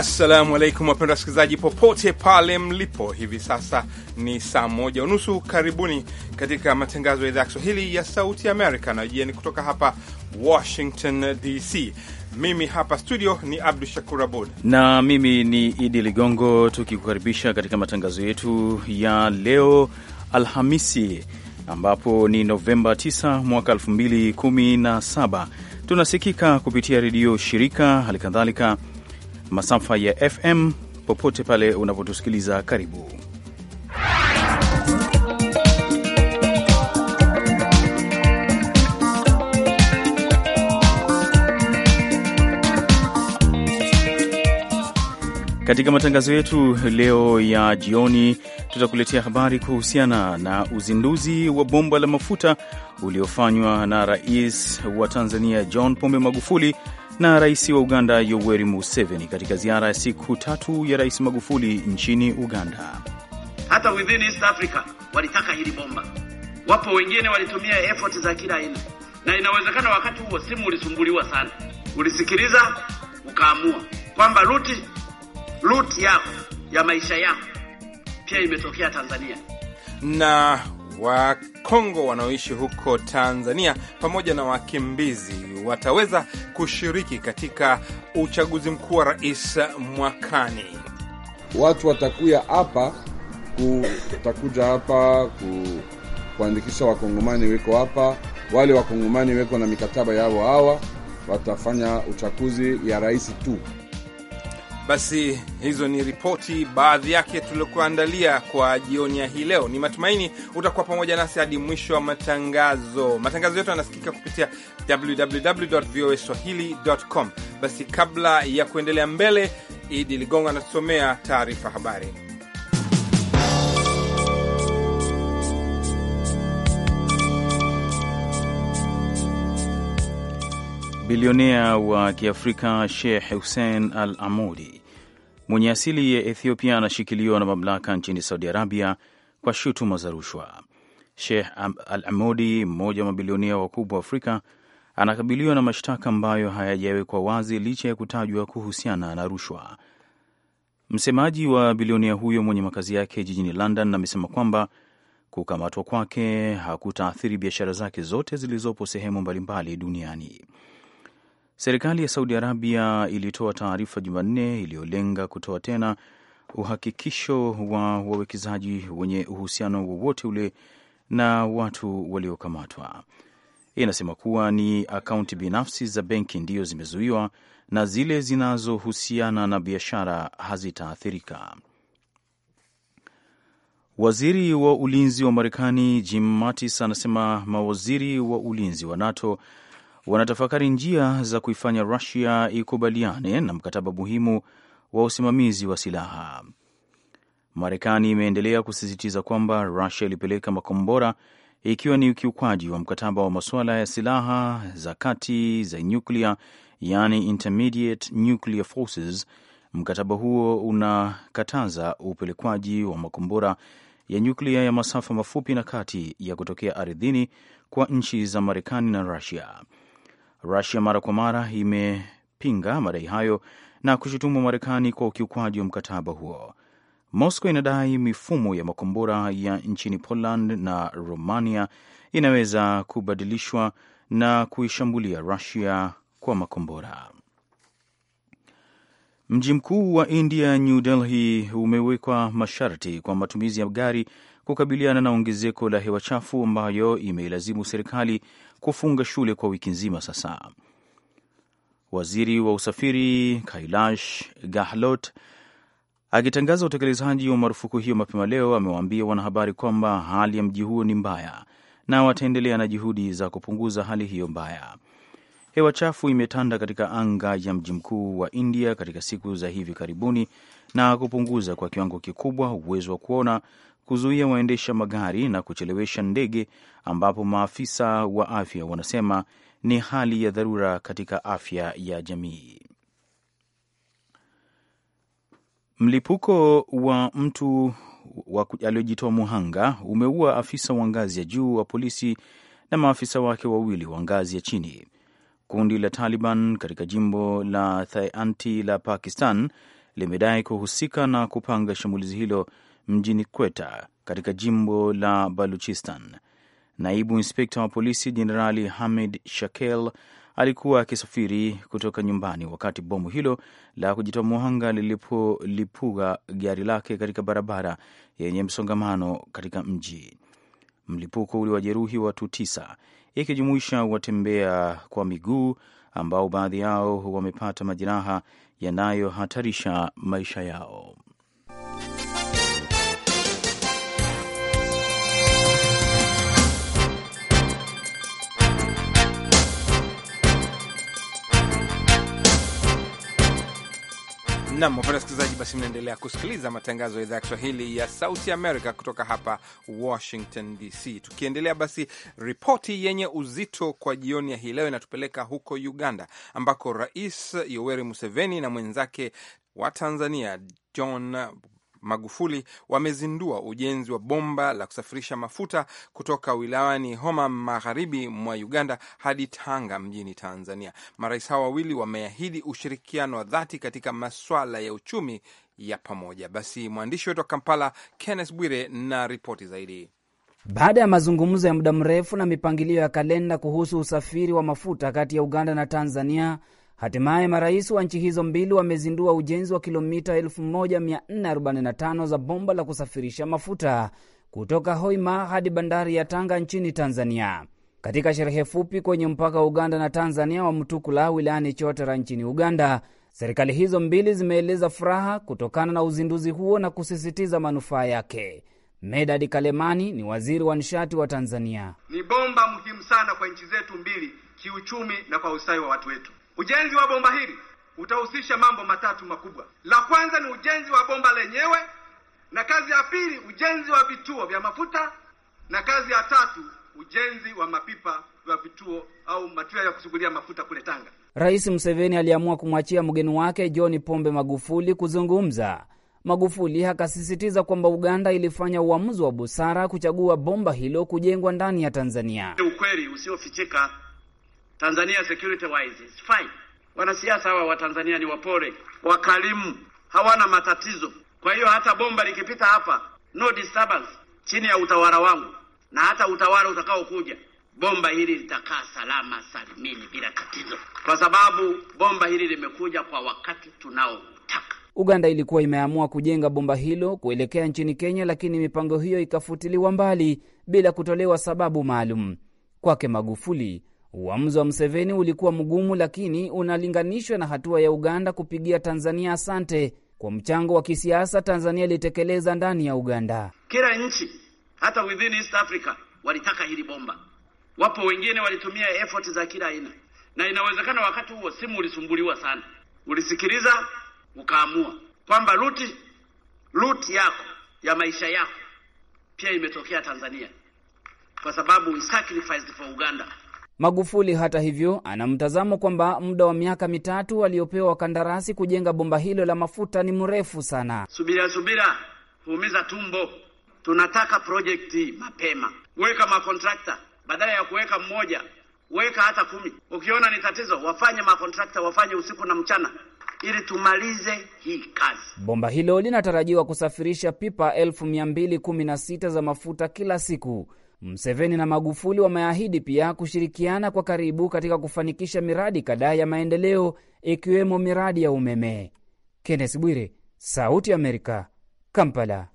Assalamu alaikum wapendwa wasikilizaji, popote pale mlipo hivi sasa, ni saa moja unusu. Karibuni katika matangazo ya idhaa ya Kiswahili ya Sauti Amerika na jieni kutoka hapa Washington DC. Mimi hapa studio ni Abdu Shakur Abud na mimi ni Idi Ligongo, tukikukaribisha katika matangazo yetu ya leo Alhamisi, ambapo ni Novemba 9 mwaka 2017. Tunasikika kupitia redio shirika, halikadhalika kadhalika masafa ya FM popote pale unapotusikiliza. Karibu katika matangazo yetu leo ya jioni, tutakuletea habari kuhusiana na uzinduzi wa bomba la mafuta uliofanywa na Rais wa Tanzania John Pombe Magufuli na rais wa Uganda Yoweri Museveni katika ziara ya siku tatu ya Rais Magufuli nchini Uganda. Hata within East Africa walitaka hili bomba, wapo wengine walitumia effort za kila aina, na inawezekana wakati huo simu ulisumbuliwa sana, ulisikiliza ukaamua kwamba ruti ruti yako ya maisha yako pia imetokea Tanzania na Wakongo wanaoishi huko Tanzania pamoja na wakimbizi wataweza kushiriki katika uchaguzi mkuu wa rais mwakani. Watu watakuya hapa ku, watakuja hapa ku, kuandikisha wakongomani weko hapa, wale wakongomani weko na mikataba yao hawa watafanya uchaguzi ya rais tu. Basi hizo ni ripoti baadhi yake tuliokuandalia kwa jioni ya hii leo. Ni matumaini utakuwa pamoja nasi hadi mwisho wa matangazo. Matangazo yetu yanasikika kupitia www voa swahili.com. Basi kabla ya kuendelea mbele, Idi Ligongo anatusomea taarifa habari. Bilionea wa Kiafrika Sheikh Hussein Al Amudi mwenye asili ya Ethiopia anashikiliwa na mamlaka nchini Saudi Arabia kwa shutuma za rushwa. Sheikh Al Amudi, mmoja wa mabilionia wakubwa wa Afrika, anakabiliwa na mashtaka ambayo hayajawekwa wazi licha ya kutajwa kuhusiana na rushwa. Msemaji wa bilionia huyo mwenye makazi yake jijini London amesema kwamba kukamatwa kwake hakutaathiri biashara zake zote zilizopo sehemu mbalimbali duniani. Serikali ya Saudi Arabia ilitoa taarifa Jumanne iliyolenga kutoa tena uhakikisho wa wawekezaji wenye uhusiano wowote ule na watu waliokamatwa. Inasema kuwa ni akaunti binafsi za benki ndiyo zimezuiwa na zile zinazohusiana na biashara hazitaathirika. Waziri wa ulinzi wa Marekani Jim Mattis anasema mawaziri wa ulinzi wa NATO wanatafakari njia za kuifanya Rusia ikubaliane na mkataba muhimu wa usimamizi wa silaha. Marekani imeendelea kusisitiza kwamba Rusia ilipeleka makombora ikiwa ni ukiukwaji wa mkataba wa masuala ya silaha za kati za nyuklia, yani Intermediate Nuclear Forces. Mkataba huo unakataza upelekwaji wa makombora ya nyuklia ya masafa mafupi na kati ya kutokea ardhini kwa nchi za Marekani na Rusia. Rusia mara kwa mara imepinga madai hayo na kushutumu Marekani kwa ukiukwaji wa mkataba huo. Moscow inadai mifumo ya makombora ya nchini Poland na Romania inaweza kubadilishwa na kuishambulia Rusia kwa makombora. Mji mkuu wa India, New Delhi, umewekwa masharti kwa matumizi ya gari kukabiliana na ongezeko la hewa chafu ambayo imeilazimu serikali kufunga shule kwa wiki nzima sasa. Waziri wa usafiri Kailash Gahlot akitangaza utekelezaji wa marufuku hiyo mapema leo amewaambia wanahabari kwamba hali ya mji huo ni mbaya na wataendelea na juhudi za kupunguza hali hiyo mbaya. Hewa chafu imetanda katika anga ya mji mkuu wa India katika siku za hivi karibuni na kupunguza kwa kiwango kikubwa uwezo wa kuona kuzuia waendesha magari na kuchelewesha ndege, ambapo maafisa wa afya wanasema ni hali ya dharura katika afya ya jamii. Mlipuko wa mtu aliyojitoa muhanga umeua afisa wa ngazi ya juu wa polisi na maafisa wake wawili wa ngazi ya chini. Kundi la Taliban katika jimbo la Thaianti la Pakistan limedai kuhusika na kupanga shambulizi hilo mjini Quetta katika jimbo la Baluchistan. Naibu inspekta wa polisi Jenerali Hamid Shakel alikuwa akisafiri kutoka nyumbani wakati bomu hilo la kujitoa muhanga lilipolipuga gari lake katika barabara yenye msongamano katika mji. Mlipuko uliwajeruhi watu tisa, ikijumuisha watembea kwa miguu ambao baadhi yao wamepata majeraha yanayohatarisha maisha yao. Nam wapenda wasikilizaji, basi mnaendelea kusikiliza matangazo ya idhaa ya Kiswahili ya Sauti Amerika kutoka hapa Washington DC. Tukiendelea basi, ripoti yenye uzito kwa jioni ya hii leo inatupeleka huko Uganda, ambako Rais Yoweri Museveni na mwenzake wa Tanzania John Magufuli wamezindua ujenzi wa bomba la kusafirisha mafuta kutoka wilayani Homa magharibi mwa Uganda hadi Tanga mjini Tanzania. Marais hawa wawili wameahidi ushirikiano wa dhati katika maswala ya uchumi ya pamoja. Basi mwandishi wetu wa Kampala Kenneth Bwire na ripoti zaidi. Baada ya mazungumzo ya muda mrefu na mipangilio ya kalenda kuhusu usafiri wa mafuta kati ya Uganda na Tanzania Hatimaye marais wa nchi hizo mbili wamezindua ujenzi wa kilomita 1445 za bomba la kusafirisha mafuta kutoka Hoima hadi bandari ya Tanga nchini Tanzania. Katika sherehe fupi kwenye mpaka wa Uganda na Tanzania wa Mtukula wilayani Chotara nchini Uganda, serikali hizo mbili zimeeleza furaha kutokana na uzinduzi huo na kusisitiza manufaa yake. Medadi Kalemani ni waziri wa nishati wa Tanzania. Ni bomba muhimu sana kwa nchi zetu mbili kiuchumi na kwa ustawi wa watu wetu. Ujenzi wa bomba hili utahusisha mambo matatu makubwa. La kwanza ni ujenzi wa bomba lenyewe, na kazi ya pili ujenzi wa vituo vya mafuta, na kazi ya tatu ujenzi wa mapipa vya vituo au matua ya kusugulia mafuta kule Tanga. Rais Museveni aliamua kumwachia mgeni wake John Pombe Magufuli kuzungumza. Magufuli akasisitiza kwamba Uganda ilifanya uamuzi wa busara kuchagua bomba hilo kujengwa ndani ya Tanzania. Ukweli usiofichika Tanzania security wise is fine. Wanasiasa hawa wa Tanzania ni wapole, wakalimu, hawana matatizo. Kwa hiyo hata bomba likipita hapa no disturbance, chini ya utawala wangu, na hata utawala utakaokuja bomba hili litakaa salama salimini bila tatizo, kwa sababu bomba hili limekuja kwa wakati tunaotaka. Uganda ilikuwa imeamua kujenga bomba hilo kuelekea nchini Kenya, lakini mipango hiyo ikafutiliwa mbali bila kutolewa sababu maalum. Kwake Magufuli Uamuzi wa Mseveni ulikuwa mgumu, lakini unalinganishwa na hatua ya Uganda kupigia Tanzania asante kwa mchango wa kisiasa Tanzania ilitekeleza ndani ya Uganda. Kila nchi hata within East Africa walitaka hili bomba, wapo wengine walitumia effort za kila aina, na inawezekana wakati huo simu ulisumbuliwa sana, ulisikiliza ukaamua kwamba ruti ruti yako ya maisha yako pia imetokea Tanzania kwa sababu we sacrificed for Uganda. Magufuli hata hivyo, ana mtazamo kwamba muda wa miaka mitatu waliopewa wakandarasi kujenga bomba hilo la mafuta ni mrefu sana. Subira subira kuumiza tumbo, tunataka projekti mapema. Weka makontrakta badala ya kuweka mmoja, weka hata kumi. Ukiona ni tatizo, wafanye makontrakta, wafanye usiku na mchana ili tumalize hii kazi. Bomba hilo linatarajiwa kusafirisha pipa elfu mia mbili kumi na sita za mafuta kila siku Mseveni na Magufuli wameahidi pia kushirikiana kwa karibu katika kufanikisha miradi kadhaa ya maendeleo ikiwemo miradi ya umeme. Kenneth Bwire, Sauti ya Amerika, Kampala.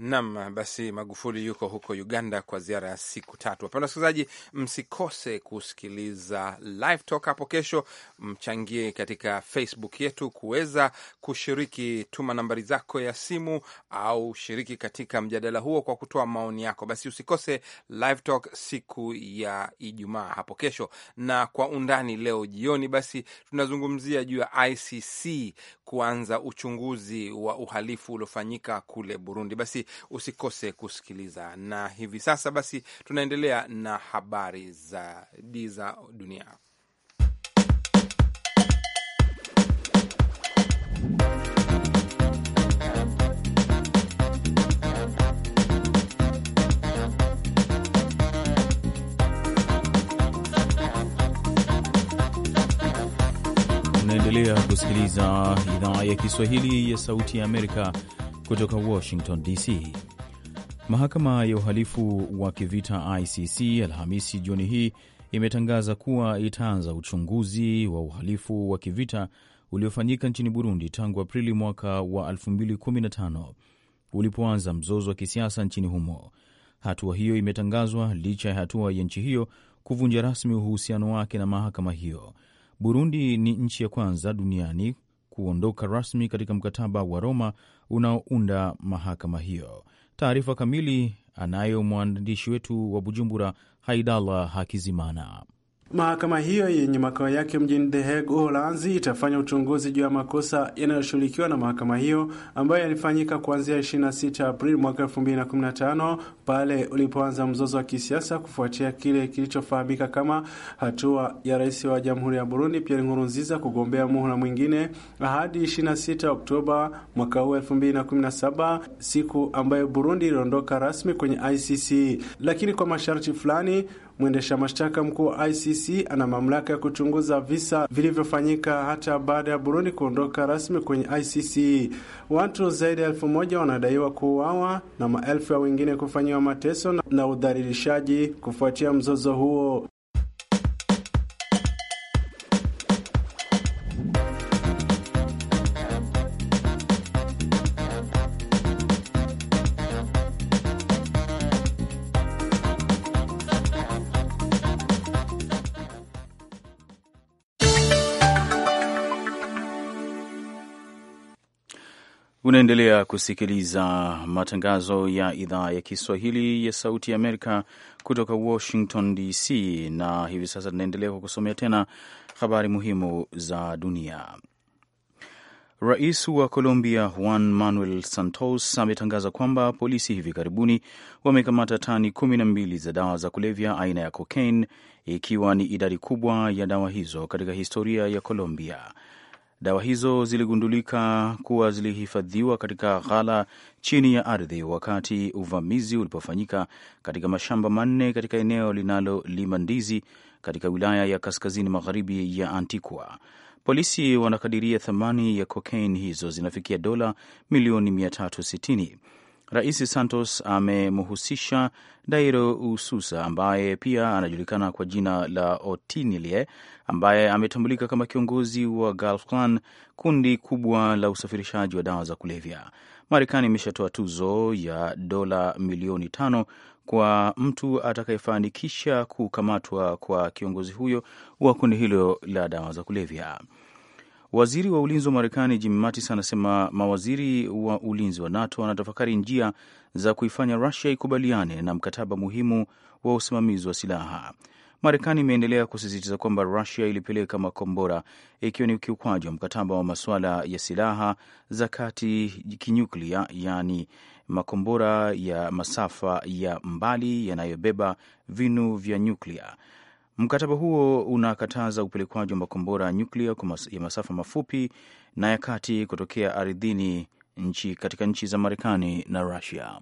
Nam basi, Magufuli yuko huko Uganda kwa ziara ya siku tatu. Wapenda wasikilizaji, msikose kusikiliza Live Talk hapo kesho, mchangie katika Facebook yetu kuweza kushiriki. Tuma nambari zako ya simu au shiriki katika mjadala huo kwa kutoa maoni yako. Basi usikose Live Talk siku ya Ijumaa hapo kesho. Na kwa undani leo jioni, basi tunazungumzia juu ya ICC kuanza uchunguzi wa uhalifu uliofanyika kule Burundi. Basi usikose kusikiliza. Na hivi sasa basi, tunaendelea na habari zaidi za dunia. Unaendelea kusikiliza idhaa ya Kiswahili ya Sauti ya Amerika kutoka Washington DC. Mahakama ya uhalifu wa kivita ICC Alhamisi jioni hii imetangaza kuwa itaanza uchunguzi wa uhalifu wa kivita uliofanyika nchini Burundi tangu Aprili mwaka wa 2015 ulipoanza mzozo wa kisiasa nchini humo. Hatua hiyo imetangazwa licha ya hatua ya nchi hiyo kuvunja rasmi uhusiano wake na mahakama hiyo. Burundi ni nchi ya kwanza duniani kuondoka rasmi katika mkataba wa Roma unaounda mahakama hiyo. Taarifa kamili anayo mwandishi wetu wa Bujumbura, Haidallah Hakizimana. Mahakama hiyo yenye makao yake mjini The Hague, Uholanzi, itafanya uchunguzi juu ya makosa yanayoshughulikiwa na mahakama hiyo ambayo yalifanyika kuanzia 26 Aprili mwaka 2015 pale ulipoanza mzozo wa kisiasa kufuatia kile kilichofahamika kama hatua ya rais wa Jamhuri ya Burundi Pierre Nkurunziza kugombea muhula mwingine hadi 26 Oktoba mwaka huu 2017, siku ambayo Burundi iliondoka rasmi kwenye ICC, lakini kwa masharti fulani Mwendesha mashtaka mkuu wa ICC ana mamlaka ya kuchunguza visa vilivyofanyika hata baada ya Burundi kuondoka rasmi kwenye ICC. Watu zaidi ya elfu moja wanadaiwa kuuawa na maelfu ya wengine kufanyiwa mateso na udhalilishaji kufuatia mzozo huo. Unaendelea kusikiliza matangazo ya idhaa ya Kiswahili ya Sauti ya Amerika kutoka Washington DC, na hivi sasa tunaendelea kwa kusomea tena habari muhimu za dunia. Rais wa Colombia Juan Manuel Santos ametangaza kwamba polisi hivi karibuni wamekamata tani kumi na mbili za dawa za kulevya aina ya cocaine, ikiwa ni idadi kubwa ya dawa hizo katika historia ya Colombia. Dawa hizo ziligundulika kuwa zilihifadhiwa katika ghala chini ya ardhi wakati uvamizi ulipofanyika katika mashamba manne katika eneo linalolima ndizi katika wilaya ya kaskazini magharibi ya antiqua Polisi wanakadiria thamani ya kokaini hizo zinafikia dola milioni 360. Rais Santos amemhusisha Dairo Ususa ambaye pia anajulikana kwa jina la Otinilie ambaye ametambulika kama kiongozi wa Gulf Clan, kundi kubwa la usafirishaji wa dawa za kulevya. Marekani imeshatoa tuzo ya dola milioni tano kwa mtu atakayefanikisha kukamatwa kwa kiongozi huyo wa kundi hilo la dawa za kulevya. Waziri wa ulinzi wa Marekani Jim Mattis anasema mawaziri wa ulinzi wa NATO wanatafakari njia za kuifanya Rusia ikubaliane na mkataba muhimu wa usimamizi wa silaha. Marekani imeendelea kusisitiza kwamba Rusia ilipeleka makombora ikiwa ni ukiukwaji wa mkataba wa masuala ya silaha za kati kinyuklia, yaani makombora ya masafa ya mbali yanayobeba vinu vya nyuklia Mkataba huo unakataza upelekwaji wa makombora ya nyuklia ya masafa mafupi na ya kati kutokea ardhini nchi katika nchi za Marekani na Rusia.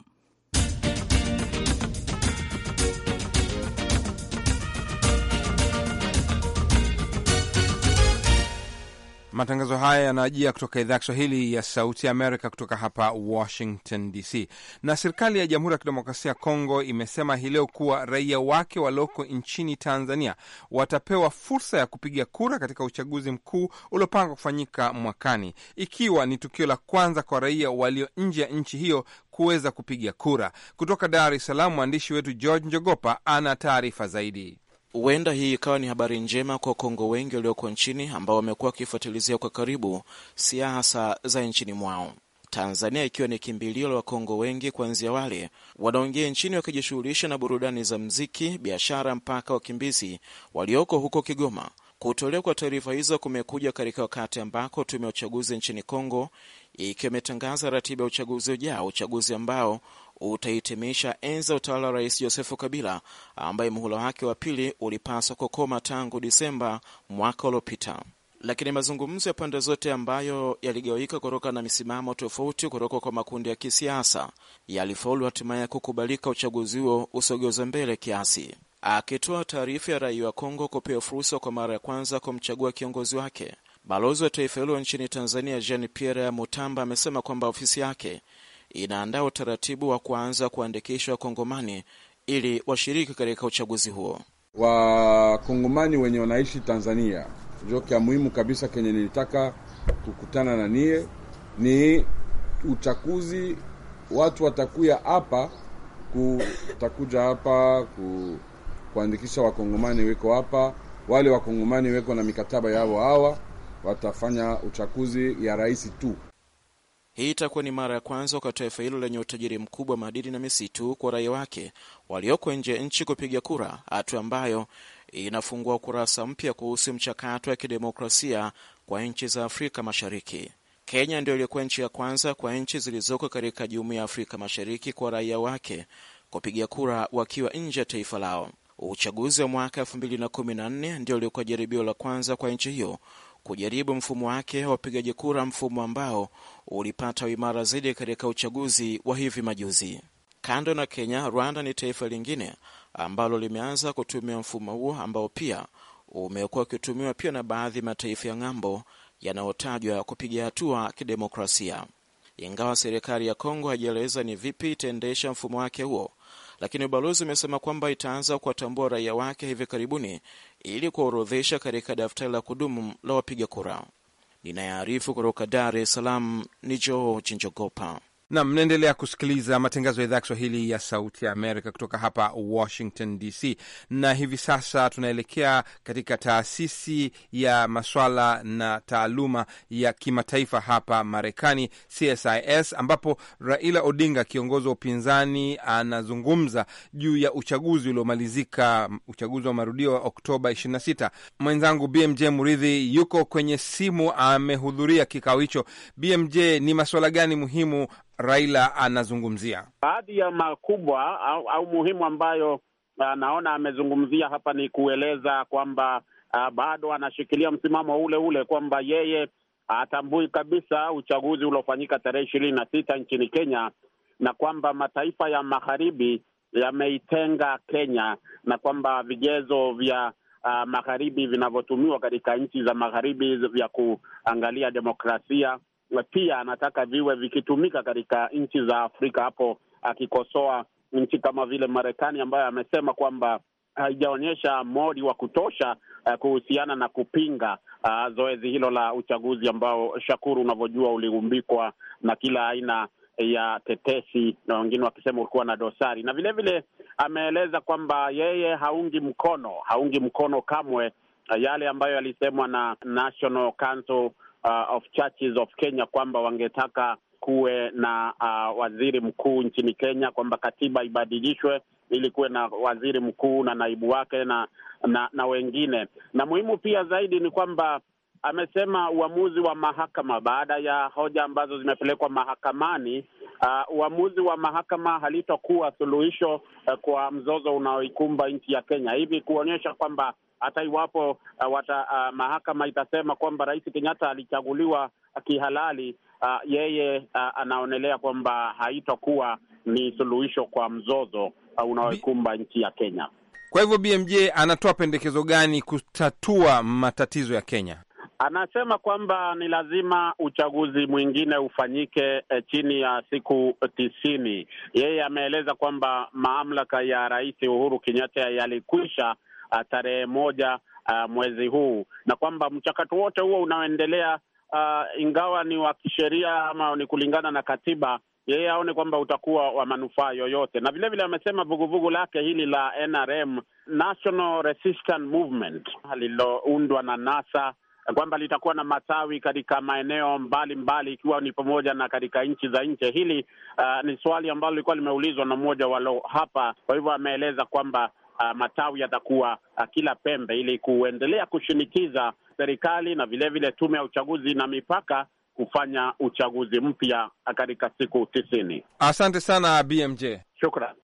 Matangazo haya yanaajia kutoka idhaa ya Kiswahili ya Sauti ya Amerika kutoka hapa Washington DC. Na serikali ya Jamhuri ya Kidemokrasia ya Kongo imesema hii leo kuwa raia wake walioko nchini Tanzania watapewa fursa ya kupiga kura katika uchaguzi mkuu uliopangwa kufanyika mwakani, ikiwa ni tukio la kwanza kwa raia walio nje ya nchi hiyo kuweza kupiga kura. Kutoka Dar es Salaam, mwandishi wetu George Njogopa ana taarifa zaidi. Huenda hii ikawa ni habari njema kwa Wakongo wengi walioko nchini ambao wamekuwa wakifuatilizia kwa karibu siasa za nchini mwao. Tanzania ikiwa ni kimbilio la Wakongo wengi, kuanzia wale wanaoingia nchini wakijishughulisha na burudani za mziki, biashara, mpaka wakimbizi walioko huko Kigoma. Kutolewa kwa taarifa hizo kumekuja katika wakati ambako tume ya uchaguzi nchini Kongo ikiwa imetangaza ratiba ya uchaguzi ujao, uchaguzi ambao utahitimisha enzi ya utawala wa Rais Josefu Kabila ambaye muhula wake wa pili ulipaswa kukoma tangu Disemba mwaka uliopita. Lakini mazungumzo ya pande zote ambayo yaligawika kutoka na misimamo tofauti kutoka kwa makundi ya kisiasa yalifaulu hatimaye kukubalika, uchaguzi huo usogezwe mbele kiasi. Akitoa taarifa ya raia wa Kongo kupewa fursa kwa mara ya kwanza kumchagua kiongozi wake, balozi wa taifa hilo nchini Tanzania Jean Pierre Mutamba amesema kwamba ofisi yake inaandaa utaratibu wa kuanza kuandikisha wakongomani ili washiriki katika uchaguzi huo. Wakongomani wenye wanaishi Tanzania, ndio kya muhimu kabisa kenye nilitaka kukutana na niye ni uchaguzi. Watu watakuya hapa kutakuja hapa ku, kuandikisha wakongomani weko hapa, wale wakongomani weko na mikataba yao hawa watafanya uchaguzi ya rais tu. Hii itakuwa ni mara ya kwanza kwa taifa hilo lenye utajiri mkubwa wa madini na misitu kwa raia wake walioko nje ya nchi kupiga kura, hatua ambayo inafungua ukurasa mpya kuhusu mchakato wa kidemokrasia kwa nchi za Afrika Mashariki. Kenya ndio ilikuwa nchi ya kwanza kwa nchi zilizoko katika Jumuiya ya Afrika Mashariki kwa raia wake kupiga kura wakiwa nje ya taifa lao. Uchaguzi wa mwaka 2014 ndio uliokuwa jaribio la kwanza kwa nchi hiyo kujaribu mfumo wake wa upigaji kura, mfumo ambao ulipata uimara zaidi katika uchaguzi wa hivi majuzi. Kando na Kenya, Rwanda ni taifa lingine ambalo limeanza kutumia mfumo huo ambao pia umekuwa ukitumiwa pia na baadhi ya mataifa ya ng'ambo yanayotajwa kupiga hatua kidemokrasia. Ingawa serikali ya Kongo haijaeleza ni vipi itaendesha mfumo wake huo, lakini ubalozi umesema kwamba itaanza kuwatambua raia wake hivi karibuni ili kuwaorodhesha katika daftari la kudumu la wapiga kura. Inayoarifu kutoka Dar es Salaam ni Joo Chinjogopa na mnaendelea kusikiliza matangazo ya idhaa ya Kiswahili ya Sauti ya Amerika kutoka hapa Washington DC. Na hivi sasa tunaelekea katika taasisi ya maswala na taaluma ya kimataifa hapa Marekani, CSIS, ambapo Raila Odinga, kiongozi wa upinzani, anazungumza juu ya uchaguzi uliomalizika, uchaguzi wa marudio wa Oktoba 26. Mwenzangu BMJ Muridhi yuko kwenye simu, amehudhuria kikao hicho. BMJ, ni maswala gani muhimu Raila anazungumzia? Baadhi ya makubwa au, au muhimu ambayo uh, naona amezungumzia hapa ni kueleza kwamba uh, bado anashikilia msimamo ule ule kwamba yeye atambui uh, kabisa uchaguzi uliofanyika tarehe ishirini na sita nchini Kenya na kwamba mataifa ya magharibi yameitenga Kenya na kwamba vigezo vya uh, magharibi vinavyotumiwa katika nchi za magharibi vya kuangalia demokrasia pia anataka viwe vikitumika katika nchi za Afrika, hapo akikosoa nchi kama vile Marekani ambayo amesema kwamba haijaonyesha mori wa kutosha uh, kuhusiana na kupinga uh, zoezi hilo la uchaguzi ambao, Shakuru, unavyojua uliumbikwa na kila aina ya tetesi na wengine wakisema ulikuwa na dosari, na vilevile ameeleza kwamba yeye haungi mkono haungi mkono kamwe eh, yale ambayo yalisemwa na National Council uh, of Churches of Kenya kwamba wangetaka kuwe na uh, waziri mkuu nchini Kenya, kwamba katiba ibadilishwe ili kuwe na waziri mkuu na naibu wake na, na na wengine. Na muhimu pia zaidi ni kwamba amesema uamuzi wa mahakama baada ya hoja ambazo zimepelekwa mahakamani uh, uamuzi wa mahakama halitokuwa suluhisho uh, kwa mzozo unaoikumba nchi ya Kenya, hivi kuonyesha kwamba hata iwapo uh, wata, uh, mahakama itasema kwamba Rais Kenyatta alichaguliwa kihalali, uh, yeye uh, anaonelea kwamba haitokuwa ni suluhisho kwa mzozo uh, unaoikumba nchi ya Kenya. Kwa hivyo BMJ anatoa pendekezo gani kutatua matatizo ya Kenya? Anasema kwamba ni lazima uchaguzi mwingine ufanyike eh, chini ya siku tisini. Yeye ameeleza kwamba mamlaka ya Rais Uhuru Kenyatta yalikwisha uh, tarehe moja uh, mwezi huu, na kwamba mchakato wote huo unaoendelea uh, ingawa ni wa kisheria ama ni kulingana na katiba, yeye aone kwamba utakuwa wa manufaa yoyote. Na vilevile amesema vuguvugu lake hili la NRM, National Resistance Movement, lililoundwa na NASA kwamba litakuwa na matawi katika maeneo mbalimbali ikiwa mbali, ni pamoja na katika nchi za nje. Hili uh, ni swali ambalo lilikuwa limeulizwa na mmoja walo hapa. Kwa hivyo ameeleza kwamba uh, matawi yatakuwa uh, kila pembe, ili kuendelea kushinikiza serikali na vilevile tume ya uchaguzi na mipaka kufanya uchaguzi mpya katika siku tisini. Asante sana BMJ, shukran.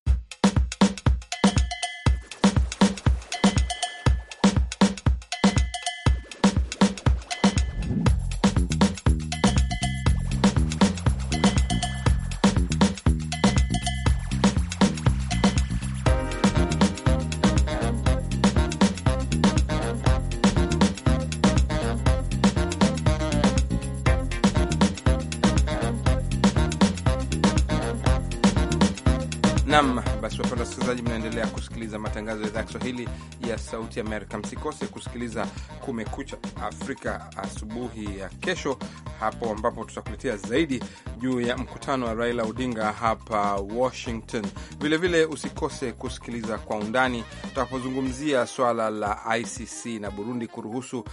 Kiswahili ya Sauti Amerika. Msikose kusikiliza Kumekucha Afrika asubuhi ya kesho, hapo ambapo tutakuletea zaidi juu ya mkutano wa Raila Odinga hapa Washington. Vilevile vile usikose kusikiliza Kwa Undani tutakapozungumzia swala la ICC na Burundi kuruhusu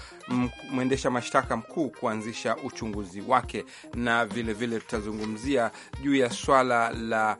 mwendesha mashtaka mkuu kuanzisha uchunguzi wake, na vilevile vile tutazungumzia juu ya swala la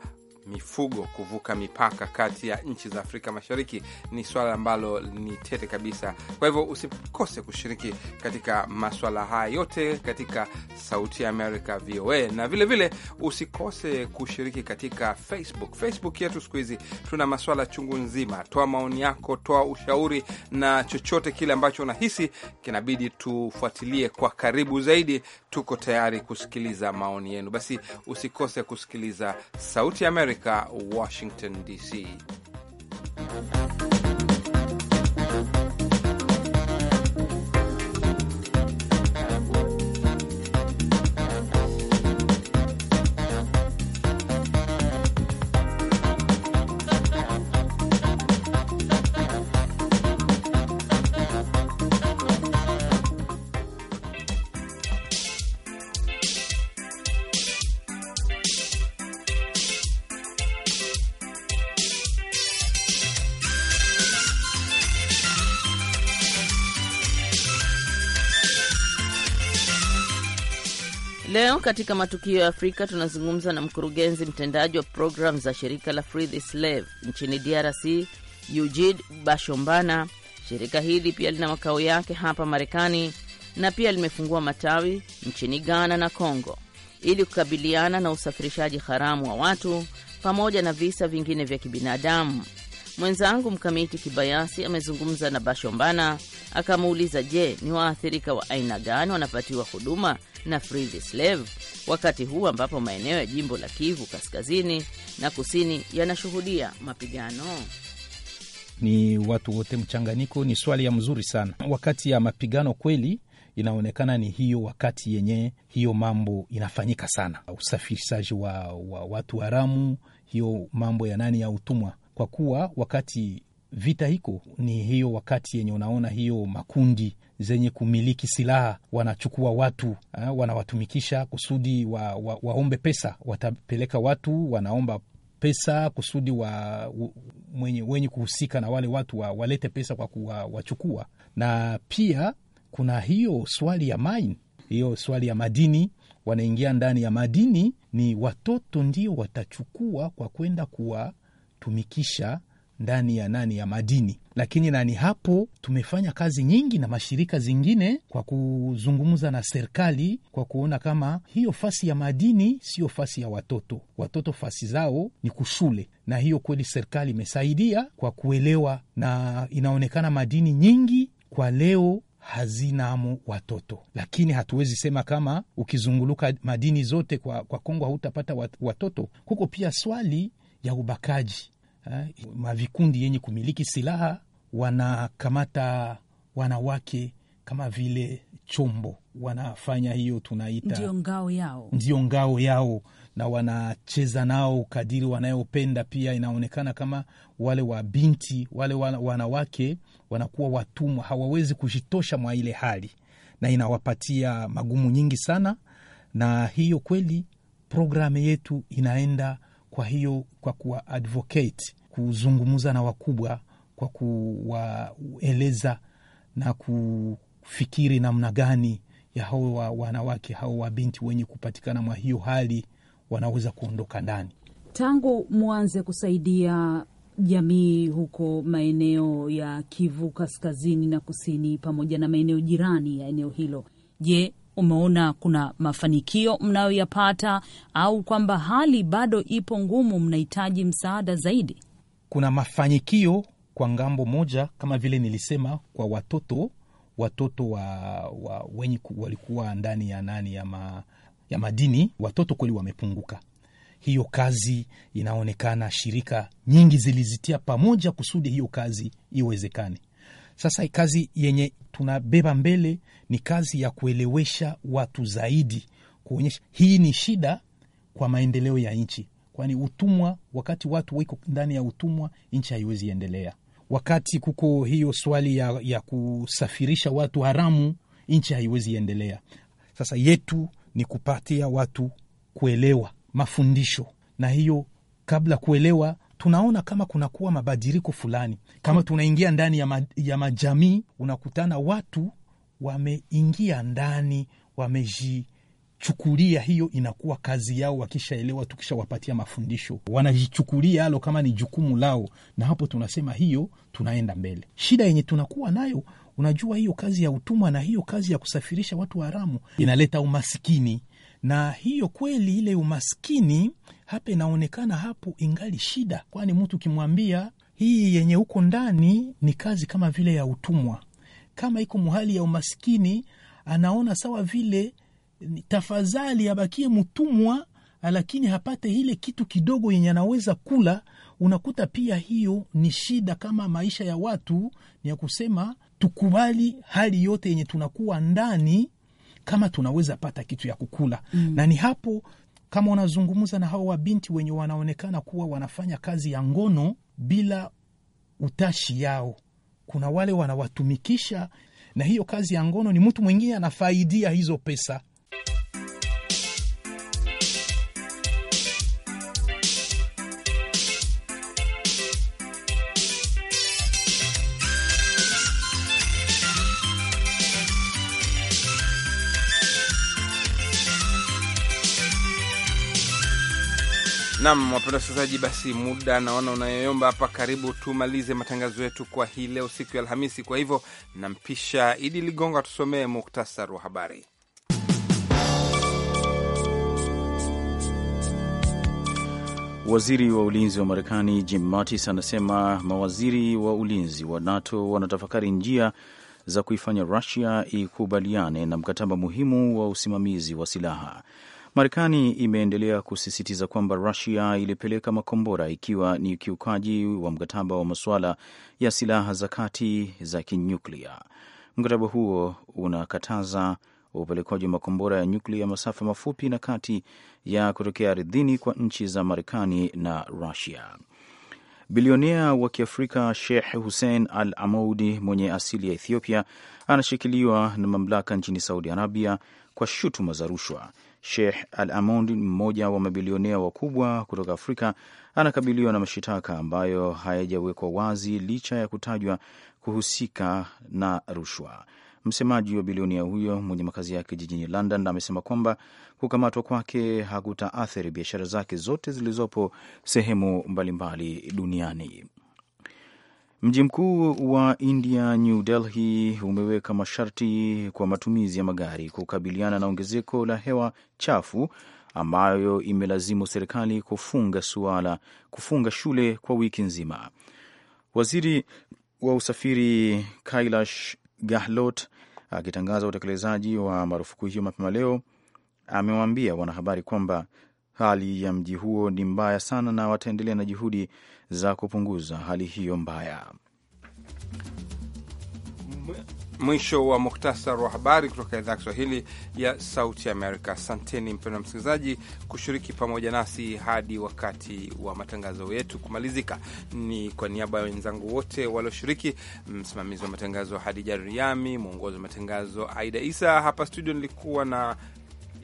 mifugo kuvuka mipaka kati ya nchi za Afrika Mashariki ni swala ambalo ni tete kabisa. Kwa hivyo usikose kushiriki katika maswala haya yote katika Sauti ya Amerika, VOA, na vilevile vile, usikose kushiriki katika Facebook. Facebook yetu siku hizi tuna maswala chungu nzima. Toa maoni yako, toa ushauri na chochote kile ambacho unahisi kinabidi tufuatilie kwa karibu zaidi tuko tayari kusikiliza maoni yenu. Basi usikose kusikiliza Sauti ya Amerika, Washington DC. katika matukio ya Afrika tunazungumza na mkurugenzi mtendaji wa programu za shirika la Free the Slave nchini DRC, Eugene Bashombana. Shirika hili pia lina makao yake hapa Marekani na pia limefungua matawi nchini Ghana na congo ili kukabiliana na usafirishaji haramu wa watu pamoja na visa vingine vya kibinadamu. Mwenzangu Mkamiti Kibayasi amezungumza na Bashombana akamuuliza, je, ni waathirika wa aina gani wanapatiwa huduma na Free the Slave wakati huu ambapo maeneo ya jimbo la Kivu kaskazini na kusini yanashuhudia mapigano? Ni watu wote mchanganyiko. Ni swali ya mzuri sana. Wakati ya mapigano kweli inaonekana ni hiyo wakati yenye hiyo mambo inafanyika sana, usafirishaji wa, wa watu haramu, hiyo mambo ya nani ya utumwa kwa kuwa wakati vita hiko ni hiyo wakati yenye unaona hiyo makundi zenye kumiliki silaha wanachukua watu ha, wanawatumikisha kusudi wa, wa, waombe pesa. Watapeleka watu wanaomba pesa kusudi wa, mwenye, wenye kuhusika na wale watu wa, walete pesa kwa kuwachukua. Na pia kuna hiyo swali ya mine, hiyo swali ya madini, wanaingia ndani ya madini. Ni watoto ndio watachukua kwa kwenda kuwa kutumikisha ndani ya nani ya madini, lakini nani hapo, tumefanya kazi nyingi na mashirika zingine kwa kuzungumza na serikali kwa kuona kama hiyo fasi ya madini siyo fasi ya watoto. Watoto fasi zao ni kushule, na hiyo kweli serikali imesaidia kwa kuelewa, na inaonekana madini nyingi kwa leo hazinamo watoto, lakini hatuwezi sema kama ukizunguluka madini zote kwa, kwa Kongo hautapata watoto. Kuko pia swali ya ubakaji Eh, mavikundi yenye kumiliki silaha wanakamata wanawake kama vile chombo, wanafanya hiyo tunaita ndio ngao yao, ndio ngao yao, na wanacheza nao kadiri wanayopenda. Pia inaonekana kama wale wabinti wale wanawake wanakuwa watumwa, hawawezi kujitosha mwa ile hali, na inawapatia magumu nyingi sana. Na hiyo kweli programu yetu inaenda kwa hiyo kwa kuwa advocate, kuzungumza na wakubwa, kwa kuwaeleza na kufikiri namna gani ya hao wa wanawake hao wabinti wenye kupatikana mwa hiyo hali wanaweza kuondoka ndani. Tangu mwanze kusaidia jamii huko maeneo ya Kivu kaskazini na kusini pamoja na maeneo jirani ya eneo hilo, je, umeona kuna mafanikio mnayoyapata au kwamba hali bado ipo ngumu, mnahitaji msaada zaidi? Kuna mafanikio kwa ngambo moja, kama vile nilisema, kwa watoto watoto wa, wa wenye walikuwa ndani ya nani ya, ma, ya madini, watoto kweli wamepunguka. Hiyo kazi inaonekana, shirika nyingi zilizitia pamoja kusudi hiyo kazi iwezekane. Sasa kazi yenye tunabeba mbele ni kazi ya kuelewesha watu zaidi, kuonyesha hii ni shida kwa maendeleo ya nchi, kwani utumwa, wakati watu wiko ndani ya utumwa, nchi haiwezi endelea. Wakati kuko hiyo swali ya, ya kusafirisha watu haramu, nchi haiwezi endelea. Sasa yetu ni kupatia watu kuelewa mafundisho, na hiyo kabla kuelewa tunaona kama kunakuwa mabadiliko fulani, kama tunaingia ndani ya, ma, ya majamii, unakutana watu wameingia ndani, wamejichukulia hiyo inakuwa kazi yao. Wakishaelewa, tukishawapatia mafundisho, wanajichukulia halo kama ni jukumu lao, na hapo tunasema hiyo, tunaenda mbele. Shida yenye tunakuwa nayo Unajua, hiyo kazi ya utumwa na hiyo kazi ya kusafirisha watu haramu inaleta umaskini, na hiyo kweli, ile umaskini hapa inaonekana hapo ingali shida, kwani mtu ukimwambia hii yenye huko ndani ni kazi kama vile ya utumwa, kama iko muhali ya umaskini, anaona sawa vile tafadhali abakie mtumwa, lakini hapate ile kitu kidogo yenye anaweza kula. Unakuta pia hiyo ni shida kama maisha ya watu. Ni ya kusema tukubali hali yote yenye tunakuwa ndani, kama tunaweza pata kitu ya kukula mm. na ni hapo kama unazungumza na hao wabinti wenye wanaonekana kuwa wanafanya kazi ya ngono bila utashi yao kuna wale wanawatumikisha, na hiyo kazi ya ngono ni mtu mwingine anafaidia hizo pesa Nam wapenda wasikilizaji, basi muda naona unayoyomba hapa, karibu tumalize matangazo yetu kwa hii leo, siku ya Alhamisi. Kwa hivyo nampisha Idi Ligongo atusomee muktasar wa habari. Waziri wa ulinzi wa Marekani Jim Mattis anasema mawaziri wa ulinzi wa NATO wanatafakari njia za kuifanya Rusia ikubaliane na mkataba muhimu wa usimamizi wa silaha. Marekani imeendelea kusisitiza kwamba Rusia ilipeleka makombora ikiwa ni ukiukaji wa mkataba wa masuala ya silaha za kati za kinyuklia. Mkataba huo unakataza upelekwaji wa makombora ya nyuklia masafa mafupi na kati ya kutokea ardhini kwa nchi za Marekani na Rusia. Bilionea wa Kiafrika Sheikh Hussein Al Amoudi mwenye asili ya Ethiopia anashikiliwa na mamlaka nchini Saudi Arabia kwa shutuma za rushwa. Sheikh Al Amund, mmoja wa mabilionea wakubwa kutoka Afrika, anakabiliwa na mashitaka ambayo hayajawekwa wazi licha ya kutajwa kuhusika na rushwa. Msemaji wa bilionia huyo mwenye makazi yake jijini London amesema kwamba kukamatwa kwake hakutaathiri biashara zake zote zilizopo sehemu mbalimbali duniani. Mji mkuu wa India New Delhi umeweka masharti kwa matumizi ya magari kukabiliana na ongezeko la hewa chafu ambayo imelazimu serikali kufunga suala kufunga shule kwa wiki nzima. Waziri wa usafiri Kailash Gahlot akitangaza utekelezaji wa marufuku hiyo mapema leo amewaambia wanahabari kwamba hali ya mji huo ni mbaya sana na wataendelea na juhudi za kupunguza hali hiyo mbaya. Mwisho wa muktasar wa habari kutoka idhaa ya Kiswahili ya Sauti Amerika. Asanteni mpendwa msikilizaji kushiriki pamoja nasi hadi wakati wa matangazo yetu kumalizika. Ni kwa niaba ya wenzangu wote walioshiriki, msimamizi wa matangazo Hadija Riami, mwongozi wa matangazo Aida Isa. Hapa studio nilikuwa na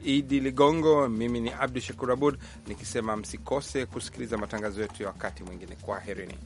Idi Ligongo, mimi ni Abdu Shakur Abud nikisema msikose kusikiliza matangazo yetu ya wakati mwingine. Kwaherini.